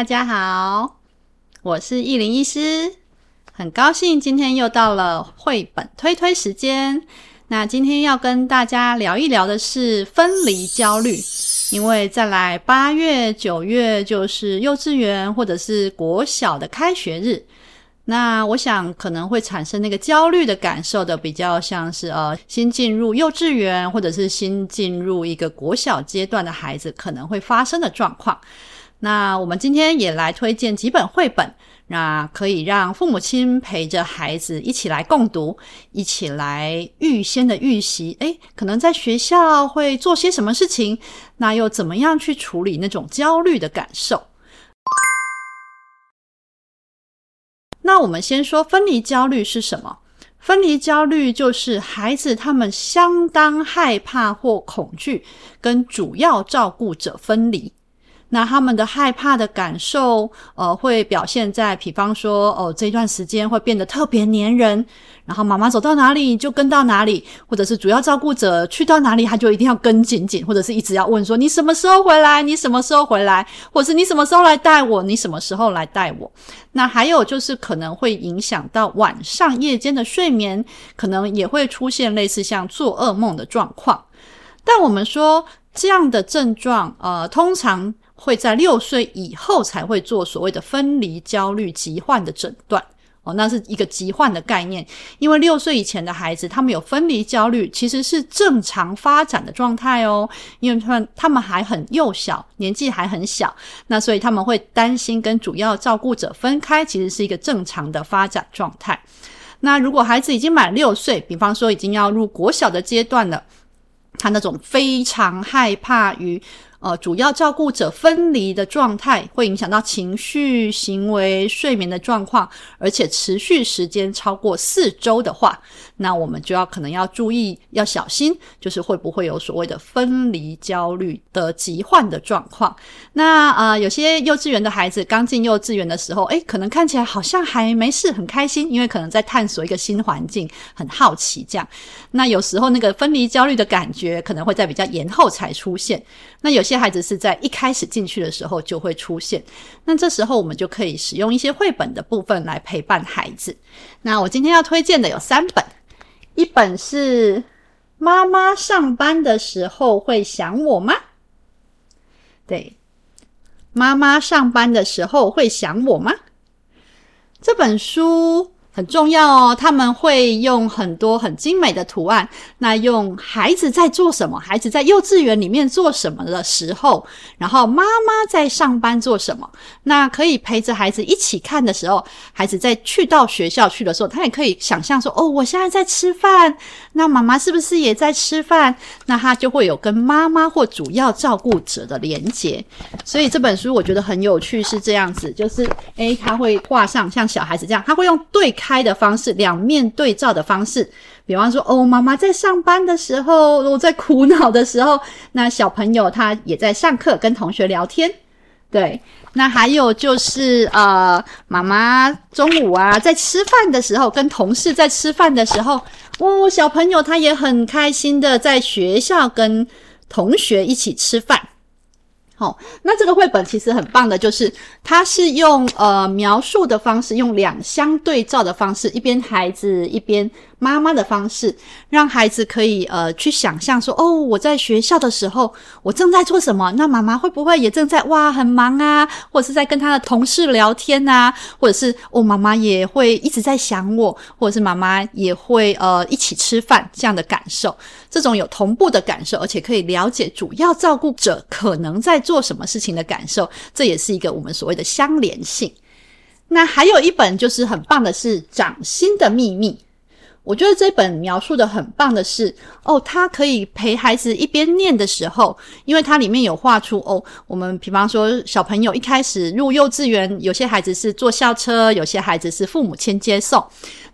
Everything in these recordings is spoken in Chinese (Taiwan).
大家好，我是亦伶醫師，很高興今天又到了繪本推推時間。那今天要跟大家聊一聊的是分離焦慮，因為再來八月、九月就是幼稚園或者是國小的開學日，那我想可能會產生那個焦慮的感受的，比較像是呃，新進入幼稚園或者是新進入一個國小階段的孩子可能會發生的狀況。那我們今天也來推薦幾本繪本，那可以讓父母親陪着孩子一起來共讀，一起來預先的預習。哎，可能在學校會做些什麼事情？那又怎麼樣去處理那種焦慮的感受？ 那我們先說分離焦慮是什麼？分離焦慮就是孩子他們相當害怕或恐懼跟主要照顧者分離。那他們的害怕的感受，呃，會表現在，比方說，哦，這段時間會變得特別黏人，然後媽媽走到哪裡就跟到哪裡，或者是主要照顧者去到哪裡，他就一定要跟緊緊，或者是一直要問說你什麼時候回來？你什麼時候回來？或是你什麼時候來帶我？你什麼時候來帶我？那還有就是可能會影響到晚上夜間的睡眠，可能也會出現類似像做噩夢的狀況。但我們說這樣的症狀，呃，通常。會在六歲以後才會做所謂的分離焦慮疾患的診斷哦，那是一個疾患的概念。因為六歲以前的孩子，他們有分離焦慮，其實是正常發展的狀態哦。因為他們他們還很幼小，年紀還很小，那所以他們會擔心跟主要照顧者分開，其實是一個正常的發展狀態。那如果孩子已經滿六歲，比方說已經要入國小的階段了，他那種非常害怕於呃，主要照顧者分離的狀態，會影響到情緒、行為、睡眠的狀況，而且持續時間超過四周的話，那我們就要可能要注意，要小心，就是會不會有所謂的分離焦慮的疾患的狀況。那呃，有些幼稚園的孩子剛進幼稚園的時候，誒，可能看起來好像還沒事，很開心，因為可能在探索一個新環境，很好奇這樣。那有時候那個分離焦慮的感覺，可能會在比較延後才出現。那有些這些孩子是在一開始進去的時候就會出現，那這時候我們就可以使用一些繪本的部分來陪伴孩子。那我今天要推薦的有三本，一本是《媽媽上班的時候會想我嗎》？對，《媽媽上班的時候會想我嗎》這本書。很重要哦，他們會用很多很精美的圖案。那用孩子在做什麼？孩子在幼稚園裡面做什麼的時候，然後媽媽在上班做什麼？那可以陪着孩子一起看的時候，孩子在去到學校去的時候，他也可以想象說：“哦，我現在在吃飯，那媽媽是不是也在吃飯？”那他就會有跟媽媽或主要照顧者的連結。所以這本書我覺得很有趣，是這樣子，就是誒，他會畫上像小孩子這樣，他會用對。拍的方式，兩面對照的方式，比方說，哦，媽媽在上班的時候，我在苦惱的時候，那小朋友他也在上課跟同學聊天，對，那還有就是，呃，媽媽中午啊，在吃飯的時候，跟同事在吃飯的時候，哦，小朋友他也很開心的在學校跟同學一起吃飯。好、哦，那這個繪本其實很棒的，就是它是用呃描述的方式，用兩相對照的方式，一邊孩子一邊。媽媽的方式，讓孩子可以呃去想象說哦，我在學校的時候，我正在做什麼？那媽媽會不會也正在哇很忙啊，或者是在跟他的同事聊天吶、啊？或者是我、哦、媽媽也會一直在想我，或者是媽媽也會呃一起吃飯這樣的感受。這種有同步的感受，而且可以了解主要照顧者可能在做什麼事情的感受，這也是一個我們所謂的相連性。那還有一本就是很棒的，是《掌心的秘密》。我覺得這本描述的很棒的是，哦，它可以陪孩子一邊念的時候，因為它裡面有畫出哦，我們比方說小朋友一開始入幼稚園，有些孩子是坐校車，有些孩子是父母親接送。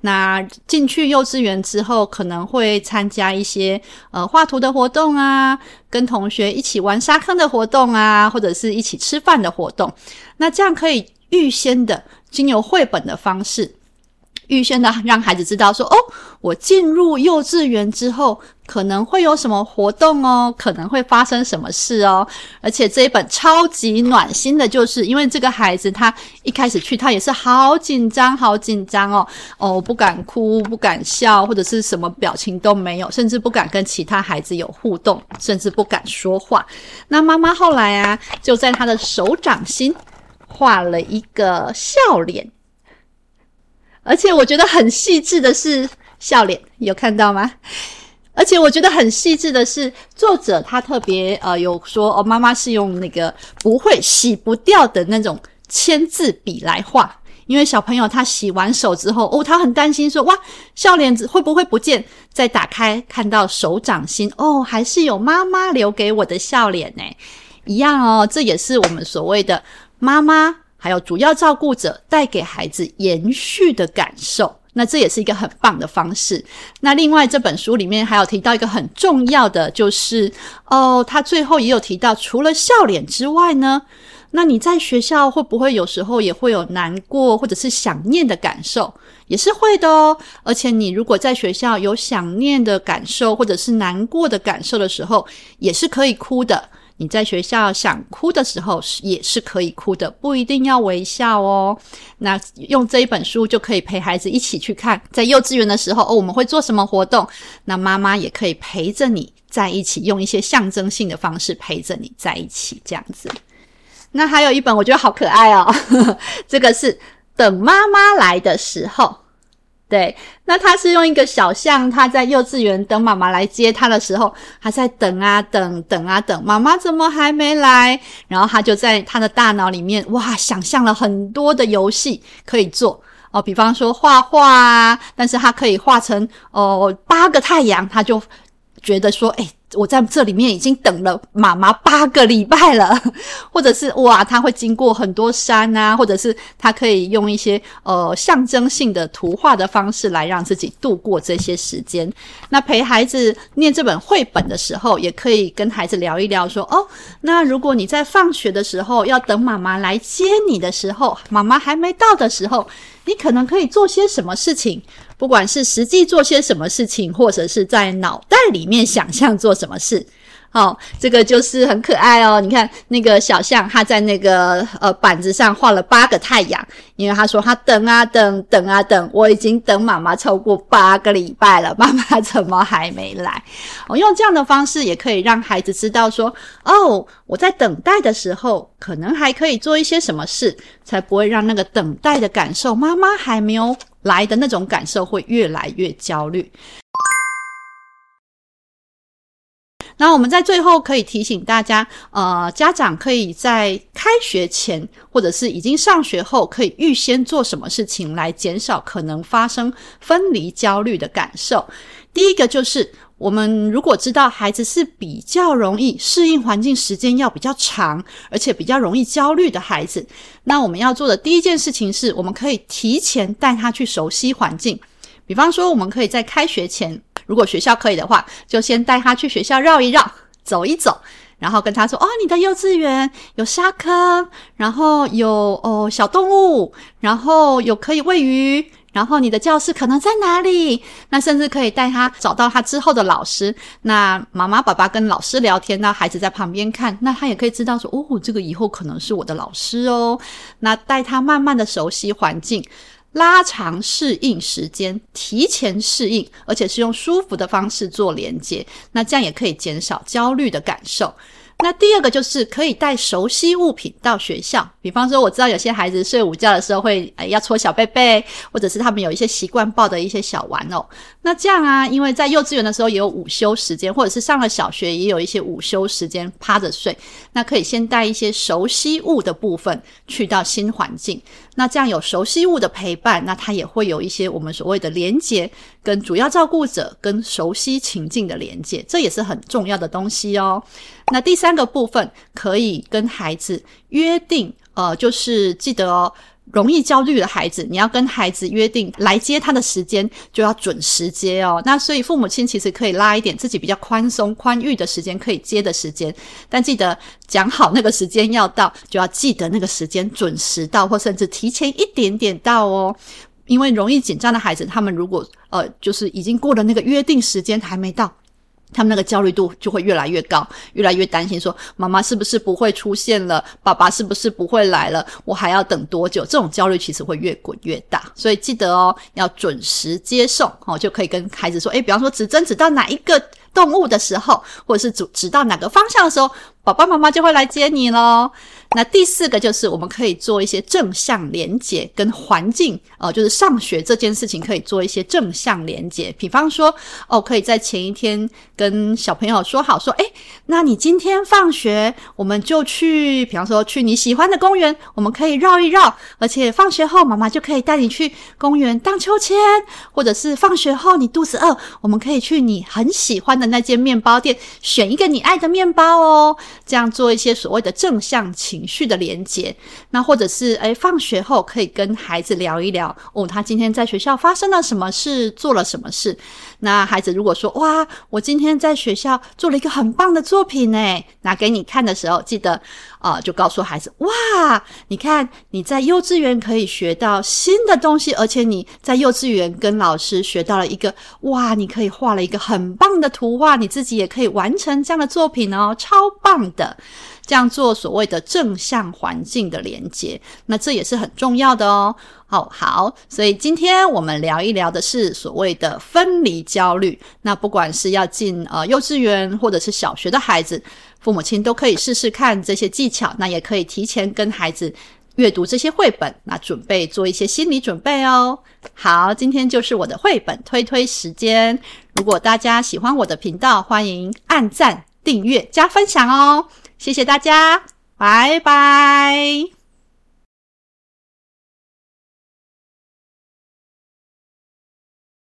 那進去幼稚園之後，可能會參加一些呃畫圖的活動啊，跟同學一起玩沙坑的活動啊，或者是一起吃飯的活動。那這樣可以預先的，經由繪本的方式。預先的讓孩子知道說哦，我進入幼稚園之後可能會有什麼活動哦，可能會發生什麼事哦。而且這一本超級暖心的，就是因為這個孩子他一開始去他也是好緊張，好緊張哦哦，不敢哭，不敢笑，或者是什麼表情都沒有，甚至不敢跟其他孩子有互動，甚至不敢說話。那媽媽後來啊，就在他的手掌心畫了一個笑臉。而且我覺得很細緻的是笑臉，有看到嗎？而且我覺得很細緻的是作者他特別呃有說哦，媽媽是用那個不會洗不掉的那種簽字筆來畫，因為小朋友他洗完手之後哦，他很擔心說，哇笑臉子會不會不見？再打開，看到手掌心哦，還是有媽媽留給我的笑臉呢、欸，一樣哦。這也是我們所謂的媽媽。還有主要照顧者帶給孩子延續的感受，那這也是一個很棒的方式。那另外這本書裡面還有提到一個很重要的，就是哦，他最後也有提到，除了笑臉之外呢，那你在學校會不會有時候也會有難過或者是想念的感受？也是會的哦。而且你如果在學校有想念的感受或者是難過的感受的時候，也是可以哭的。你在學校想哭的時候，是也是可以哭的，不一定要微笑哦。那用這一本書就可以陪孩子一起去看，在幼稚園的時候，哦，我們會做什麼活動？那媽媽也可以陪着你在一起，用一些象徵性的方式陪着你在一起，這樣子。那還有一本，我覺得好可愛哦，呵呵，這個是《等媽媽來的時候》。對，那他是用一個小象，他在幼稚園等媽媽來接他的時候，他在等啊等，等啊等，媽媽怎麼還沒來？然後他就在他的大腦裡面，哇，想象了很多的遊戲可以做哦，比方說畫畫啊，但是他可以畫成哦、呃、八個太陽，他就覺得說，哎、欸。我在這裡面已經等了媽媽八個禮拜了，或者是哇，他會經過很多山啊，或者是他可以用一些呃象徵性的圖畫的方式來讓自己度過這些時間。那陪孩子念這本繪本的時候，也可以跟孩子聊一聊說，說哦，那如果你在放學的時候要等媽媽來接你的時候，媽媽還沒到的時候，你可能可以做些什麼事情，不管是實際做些什麼事情，或者是在腦袋裡面想象做什麼事。哦，這個就是很可愛哦。你看那個小象，他在那個呃板子上畫了八個太陽，因為他說他等啊等，等啊等，我已經等媽媽超過八個禮拜了，媽媽怎麼還沒來？我、哦、用這樣的方式也可以讓孩子知道說，哦，我在等待的時候，可能還可以做一些什麼事，才不會讓那個等待的感受，媽媽還沒有來的那種感受，會越來越焦慮。那我們在最後可以提醒大家，呃，家長可以在開學前或者是已經上學後，可以預先做什麼事情來減少可能發生分離焦慮的感受？第一個就是，我們如果知道孩子是比較容易適應環境，時間要比較長，而且比較容易焦慮的孩子，那我們要做的第一件事情是我們可以提前帶他去熟悉環境。比方說，我們可以在開學前，如果學校可以的話，就先帶他去學校繞一繞、走一走，然後跟他說：“哦，你的幼稚園有沙坑，然後有哦小動物，然後有可以餵魚，然後你的教室可能在哪裡？”那甚至可以帶他找到他之後的老師。那媽媽、爸爸跟老師聊天，那孩子在旁邊看，那他也可以知道說：“哦，這個以後可能是我的老師哦。”那帶他慢慢的熟悉環境。拉長適應時間，提前適應，而且是用舒服的方式做連接，那這樣也可以減少焦慮的感受。那第二個就是可以帶熟悉物品到學校，比方說我知道有些孩子睡午覺的時候會誒、哎、要搓小被被，或者是他們有一些習慣抱的一些小玩偶。那這樣啊，因為在幼稚園的時候也有午休時間，或者是上了小學也有一些午休時間趴着睡，那可以先帶一些熟悉物的部分去到新環境。那這樣有熟悉物的陪伴，那他也會有一些我們所謂的連結。跟主要照顧者跟熟悉情境的連接，這也是很重要的東西哦。那第三個部分，可以跟孩子約定，呃，就是記得哦，容易焦慮的孩子，你要跟孩子約定，來接他的時間就要準時接哦。那所以父母親其實可以拉一點自己比較寬鬆寬裕的時間，可以接的時間，但記得講好那個時間要到，就要記得那個時間準時到，或甚至提前一點點到哦。因為容易緊張的孩子，他們如果呃，就是已經過了那個約定時間還沒到，他們那個焦慮度就會越來越高，越來越擔心說，說媽媽是不是不會出現了，爸爸是不是不會來了，我還要等多久？這種焦慮其實會越滾越大。所以記得哦，要準時接送哦，就可以跟孩子說，哎，比方說指針指到哪一個。動物的時候，或者是指指到哪個方向的時候，爸爸媽媽就會來接你嘍。那第四個就是，我們可以做一些正向連結跟環境哦、呃，就是上學這件事情可以做一些正向連結，比方說，哦，可以在前一天跟小朋友說好說，說哎，那你今天放學我們就去，比方說去你喜歡的公園，我們可以繞一繞。而且放學後，媽媽就可以帶你去公園盪秋千，或者是放學後你肚子餓，我們可以去你很喜歡的。那間麵包店，選一個你愛的麵包哦。這樣做一些所謂的正向情緒的連接。那或者是，哎，放學後可以跟孩子聊一聊哦，他今天在學校發生了什麼事，做了什麼事。那孩子如果說哇，我今天在學校做了一個很棒的作品，誒拿給你看的時候，記得啊、呃，就告訴孩子哇，你看你在幼稚園可以學到新的東西，而且你在幼稚園跟老師學到了一個哇，你可以畫了一個很棒的圖。哇，你自己也可以完成這樣的作品哦，超棒的！這樣做所謂的正向環境的連接，那這也是很重要的哦。哦，好，所以今天我們聊一聊的是所謂的分離焦慮。那不管是要進，呃，幼稚園或者是小學的孩子，父母親都可以試試看這些技巧，那也可以提前跟孩子。閱讀這些繪本，那準備做一些心理準備哦。好，今天就是我的繪本推推時間。如果大家喜歡我的頻道，歡迎按讚、訂閱、加分享哦。謝謝大家，拜拜。